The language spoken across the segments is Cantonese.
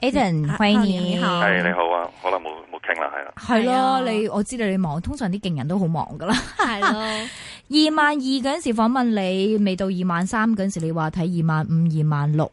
Aden、啊、歡迎，你。係你好啊，好耐冇冇傾啦，係啦，係咯、啊啊哎，你我知道你忙，通常啲勁人都好忙噶啦，係咯、啊，二萬二嗰陣時訪問你，未到二萬三嗰陣時，你話睇二萬五、二萬六。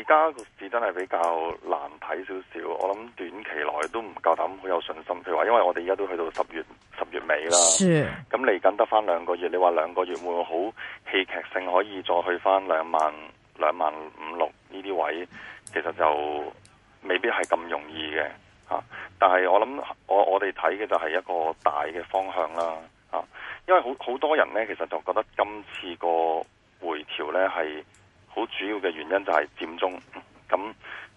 而家個市真係比較難睇少少，我諗短期內都唔夠膽好有信心，譬如話，因為我哋而家都去到十月十月尾啦，咁嚟緊得返兩個月，你話兩個月會好戲劇性可以再去返兩萬兩萬五六呢啲位，其實就未必係咁容易嘅嚇、啊。但係我諗我我哋睇嘅就係一個大嘅方向啦嚇、啊，因為好好多人呢，其實就覺得今次個回調呢係，好主要嘅原因就係佔中，咁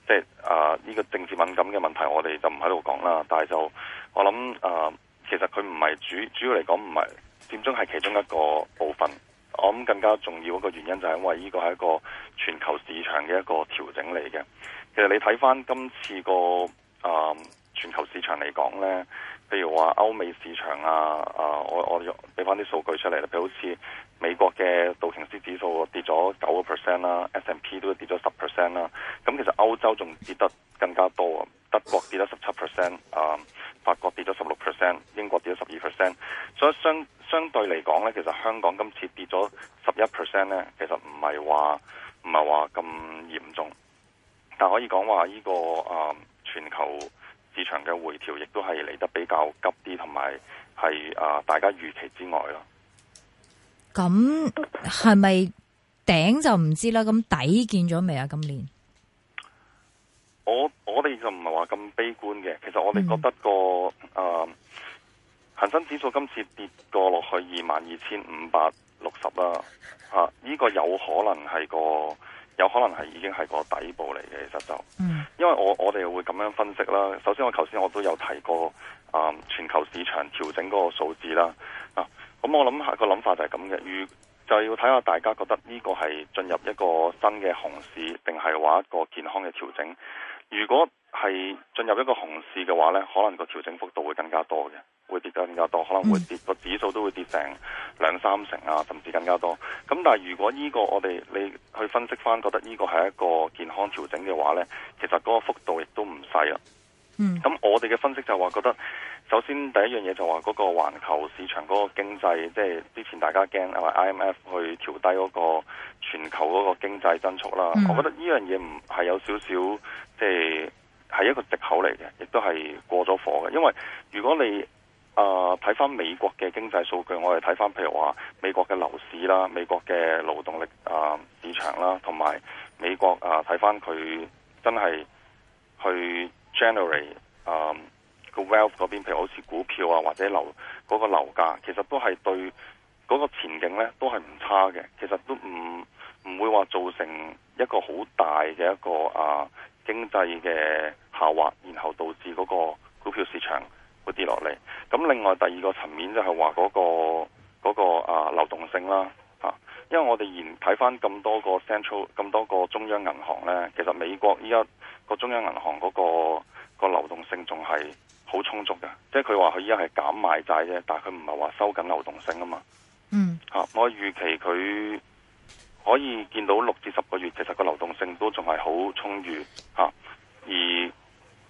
即係啊呢個政治敏感嘅問題我，我哋就唔喺度講啦。但係就我諗啊，其實佢唔係主主要嚟講唔係佔中係其中一個部分。我諗更加重要一個原因就係因為呢個係一個全球市場嘅一個調整嚟嘅。其實你睇翻今次個啊、呃、全球市場嚟講咧。譬如話歐美市場啊，啊，我我哋又俾翻啲數據出嚟啦，譬如好似美國嘅道瓊斯指數跌咗九個 percent 啦，S&P 都係跌咗十 percent 啦，咁其實歐洲仲跌得更加多啊，德國跌咗十七 percent，啊，法國跌咗十六 percent，英國跌咗十二 percent，所以相相對嚟講咧，其實香港今次跌咗十一 percent 咧，其實唔係話唔係話咁嚴重，但可以講話呢個啊全球市場嘅回調亦都係嚟得比較急啲，同埋係啊，大家預期之外咯。咁係咪頂就唔知啦。咁底見咗未啊？今年？我我哋就唔係話咁悲觀嘅。其實我哋覺得個啊、嗯呃、恒生指數今次跌過落去二萬二千五百六十啦。吓、啊，呢、這個有可能係個。有可能係已經係個底部嚟嘅，其實就，因為我我哋會咁樣分析啦。首先我頭先我都有提過啊、嗯，全球市場調整嗰個數字啦，啊，咁、嗯、我諗下、嗰個諗法就係咁嘅。如就要睇下大家覺得呢個係進入一個新嘅熊市，定係話一個健康嘅調整？如果係進入一個熊市嘅話呢，可能個調整幅度會更加多嘅。會跌得更加多，可能會跌個指數都會跌成兩三成啊，甚至更加多。咁但係如果呢個我哋你去分析翻，覺得呢個係一個健康調整嘅話呢，其實嗰個幅度亦都唔細啊。咁、嗯、我哋嘅分析就話覺得，首先第一樣嘢就話嗰、嗰個環球市場嗰個經濟，即係之前大家驚啊，話 IMF 去調低嗰個全球嗰個經濟增速啦、嗯。我覺得呢樣嘢唔係有少少，即係係一個藉口嚟嘅，亦都係過咗火嘅。因為如果你啊、呃、睇翻美國嘅經濟數據，我哋睇翻譬如話美國嘅樓市啦、美國嘅勞動力啊、呃、市場啦，同埋美國啊睇翻佢真係去 generate 啊個 wealth 嗰邊，譬如好似股票啊或者樓嗰、嗰個樓價，其實都係對嗰個前景呢都係唔差嘅。其實都唔唔會話造成一個好大嘅一個啊經濟嘅下滑，然後導致嗰個股票市場。會跌落嚟。咁另外第二個層面就係話嗰個、嗰個、嗰個、啊流動性啦，吓、啊，因為我哋現睇翻咁多個 central 咁多個中央銀行咧，其實美國依家個中央銀行嗰、嗰個、嗰個流動性仲係好充足嘅，即係佢話佢依家係減買債啫，但係佢唔係話收緊流動性啊嘛。嗯，吓我預期佢可以見到六至十個月，其實個流動性都仲係好充裕吓、啊，而。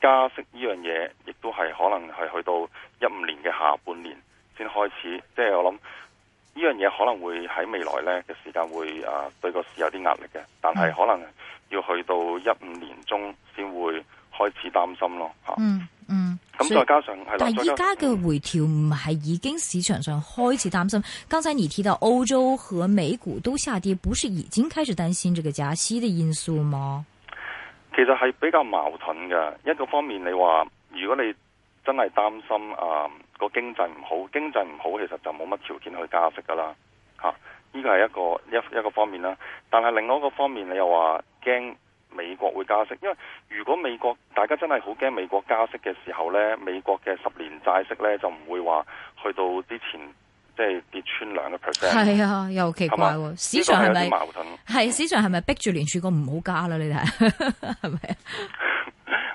加息呢樣嘢，亦都係可能係去到一五年嘅下半年先開始，即係我諗呢樣嘢可能會喺未來呢嘅時間會啊對個市有啲壓力嘅，但係可能要去到一五年中先會開始擔心咯。吓、嗯啊，嗯嗯，咁再加上，嗯、但係依家嘅回調唔係已經市場上開始擔心，剛才你提到歐洲和美股都下跌，不是已經開始擔心這個加息的因素嗎？其實係比較矛盾嘅，一個方面你話，如果你真係擔心啊個經濟唔好，經濟唔好其實就冇乜條件去加息噶啦，吓、啊，呢個係一個一一,一個方面啦。但係另外一個方面說，你又話驚美國會加息，因為如果美國大家真係好驚美國加息嘅時候呢，美國嘅十年債息呢，就唔會話去到之前。即、就、係、是、跌穿兩個 percent，係啊，又奇怪喎！市場係咪係市場係咪逼住聯儲局唔好加啦？你睇係咪？ 是不是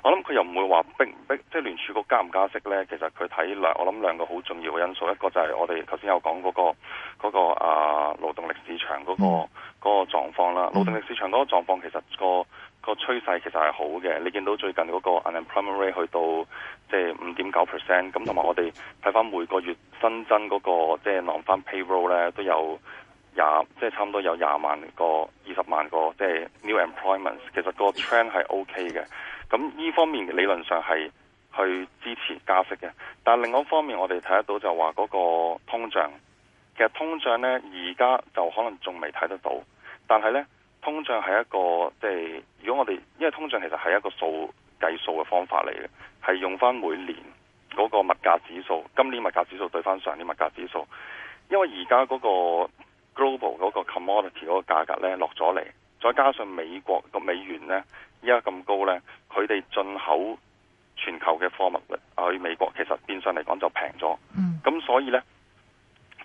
我諗佢又唔會話逼唔逼，即係聯儲局加唔加息咧。其實佢睇兩，我諗兩個好重要嘅因素，一個就係我哋頭先有講嗰、那個嗰、那個啊勞動力市場嗰、那個嗰、嗯那個狀況啦。勞動力市場嗰個狀況其實個。個趨勢其實係好嘅，你見到最近嗰個 unemployment rate 去到即係五點九 percent，咁同埋我哋睇翻每個月新增嗰、那個即係、就是、浪翻 payroll 咧，都有廿即係差唔多有廿萬個、二十萬個即係 new employments、就是、其實那個趨勢係 OK 嘅，咁呢方面嘅理論上係去支持加息嘅。但係另外一方面，我哋睇得到就話嗰個通脹，其實通脹咧而家就可能仲未睇得到，但係咧。通脹係一個即係，如果我哋因為通脹其實係一個數計數嘅方法嚟嘅，係用翻每年嗰個物價指數，今年物價指數對翻上年物價指數。因為而家嗰個 global 嗰個 commodity 嗰個價格咧落咗嚟，再加上美國個美元咧依家咁高咧，佢哋進口全球嘅貨物去美國，其實變相嚟講就平咗。咁所以咧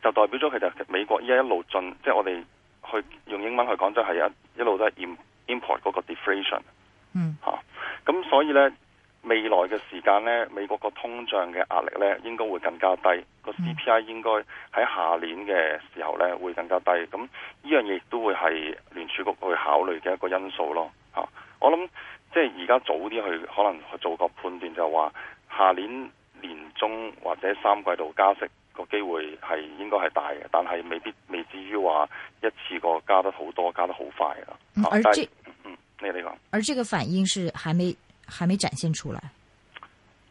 就代表咗其實美國依家一路進，即係我哋。佢用英文去講就係一一路都係 import 嗰個 deflation，嗯嚇，咁、啊、所以呢，未來嘅時間呢，美國個通脹嘅壓力呢應該會更加低，個、嗯、CPI 應該喺下年嘅時候呢會更加低，咁呢樣嘢都會係聯儲局去考慮嘅一個因素咯，嚇、啊，我諗即係而家早啲去可能去做個判斷，就話下年年中或者三季度加息。個機會係應該係大嘅，但係未必未至於話一次過加得好多，加得好快、嗯、而這嗯個？而呢個反應是還沒還沒展現出來。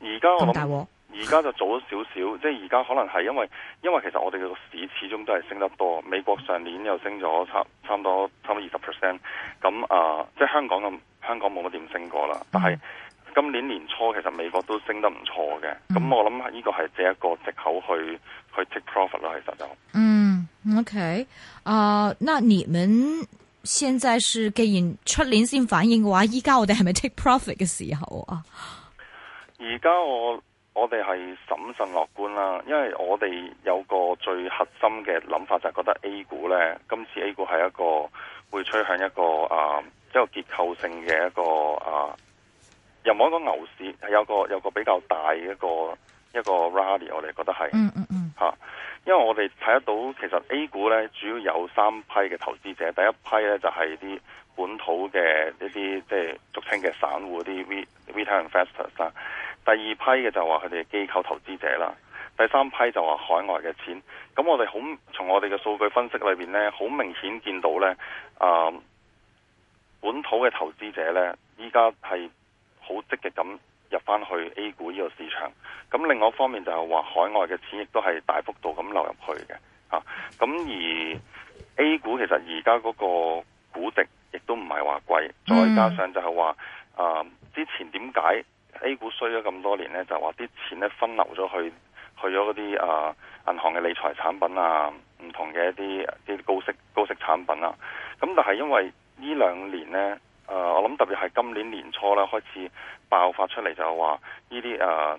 而家我諗，而家就早咗少少，即係而家可能係因為因為其實我哋個市始終都係升得多。美國上年又升咗差差唔多差唔多二十 percent，咁啊，即係香港咁香港冇乜點升過啦，但係。嗯今年年初其實美國都升得唔錯嘅，咁、嗯、我諗呢個係借一個藉口去去 take profit 啦。其實就嗯，OK 啊、uh,，那你們現在是既然出年先反映嘅話，依家我哋係咪 take profit 嘅時候啊？而家我我哋係審慎樂觀啦，因為我哋有個最核心嘅諗法就係覺得 A 股呢，今次 A 股係一個會趨向一個啊，uh, 一個結構性嘅一個啊。Uh, 任何一個牛市，係有個有個比較大嘅一個一個 rally，我哋覺得係，嗯嗯嗯，吓，因為我哋睇得到，其實 A 股咧，主要有三批嘅投資者，第一批咧就係、是、啲本土嘅一啲，即係、就是、俗稱嘅散戶啲 retail investors 啦，第二批嘅就話佢哋機構投資者啦，第三批就話海外嘅錢，咁我哋好從我哋嘅數據分析裏邊咧，好明顯見到咧，啊、嗯，本土嘅投資者咧，依家係。好積極咁入翻去 A 股呢個市場，咁另外一方面就係話海外嘅錢亦都係大幅度咁流入去嘅，吓、啊、咁而 A 股其實而家嗰個估值，亦都唔係話貴，再加上就係話啊之前點解 A 股衰咗咁多年呢？就話、是、啲錢呢分流咗去去咗嗰啲啊銀行嘅理財產品啊，唔同嘅一啲啲高息高息產品啊。咁但係因為呢兩年呢。誒、呃，我諗特別係今年年初咧，開始爆發出嚟，就話呢啲誒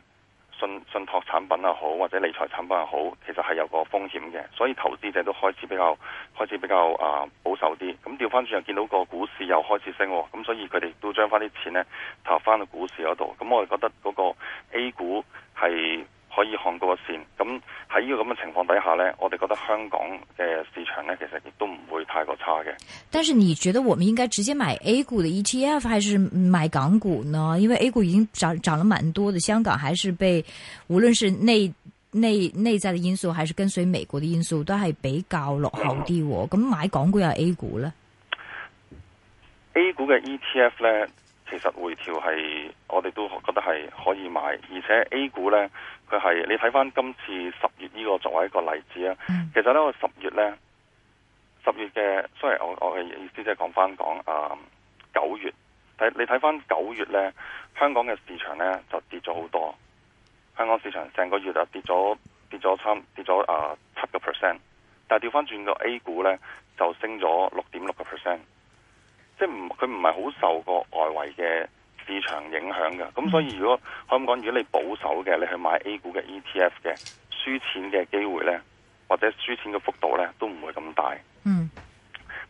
信信託產品又好，或者理財產品又好，其實係有個風險嘅，所以投資者都開始比較開始比較誒、啊、保守啲。咁調翻轉又見到個股市又開始升，咁、嗯、所以佢哋都將翻啲錢呢投翻到股市嗰度。咁、嗯、我哋覺得嗰個 A 股係。可以看嗰個線，咁喺呢個咁嘅情況底下呢，我哋覺得香港嘅市場呢，其實亦都唔會太過差嘅。但是你覺得我們應該直接買 A 股嘅 ETF，還是買港股呢？因為 A 股已經漲漲了蠻多的，香港還是被無論是內內內在的因素，還是跟隨美國的因素，都係比較落後啲。咁、嗯、買港股又 A 股呢？A 股嘅 ETF 呢？其實回調係，我哋都覺得係可以買，而且 A 股呢，佢係你睇翻今次十月呢個作為一個例子啊、嗯，其實咧十月呢，十月嘅，Sorry 我我嘅意思即係講翻講啊九月，睇你睇翻九月呢，香港嘅市場呢就跌咗好多，香港市場成個月就跌咗跌咗差唔多跌咗啊七個 percent，但係調翻轉個 A 股呢，就升咗六點六個 percent。即係唔佢唔係好受個外圍嘅市場影響嘅，咁、嗯、所以如果香港，如果你保守嘅，你去買 A 股嘅 ETF 嘅，輸錢嘅機會呢，或者輸錢嘅幅度呢，都唔會咁大。嗯。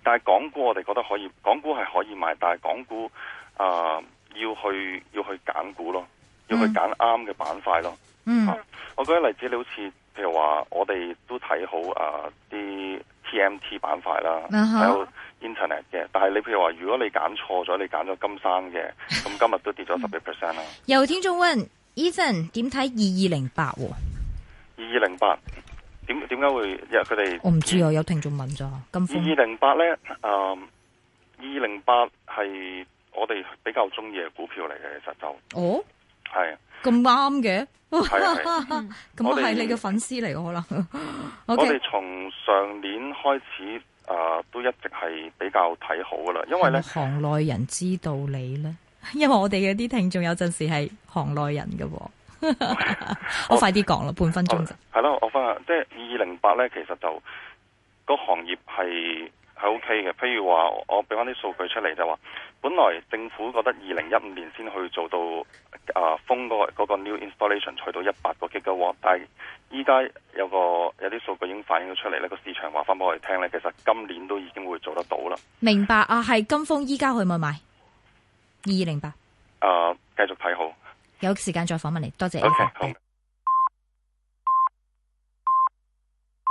但係港股我哋覺得可以，港股係可以買，但係港股啊、呃、要去要去揀股咯，要去揀啱嘅板塊咯。嗯、啊。我舉個例子，你好似譬如話，我哋都睇好啊啲 TMT 板塊啦，嗯 internet 嘅，但係你譬如話，如果你揀錯咗，你揀咗金山嘅，咁今日都跌咗十二 percent 啦。由聽眾問 Ethan 點睇二二零八？二二零八點點解會？因為佢哋我唔知啊，有聽眾問咗。二二零八咧，嗯，二二零八係我哋比較中意嘅股票嚟嘅，其實就哦，係咁啱嘅。我哋係你嘅粉絲嚟，我可能。嗯 okay。我哋從上年開始。誒、呃，都一直係比較睇好噶啦，因為咧行內人知道你咧，因為我哋嘅啲聽眾有陣時係行內人嘅、啊， 我快啲講啦， 半分鐘。係、啊、啦、啊，我翻下即係二零八咧，其實就、個行業係。係 OK 嘅，譬如話我俾翻啲數據出嚟就話，本來政府覺得二零一五年先去做到啊封、啊那個嗰、那個 new installation 去到一百個 GW，但係依家有個有啲數據已經反映咗出嚟呢個市場話翻俾我哋聽呢，其實今年都已經會做得到啦。明白啊，係金風依家去唔去買二二零八？啊，繼、啊、續睇好。有時間再訪問你，多謝 okay，啊。OK，好。Bye.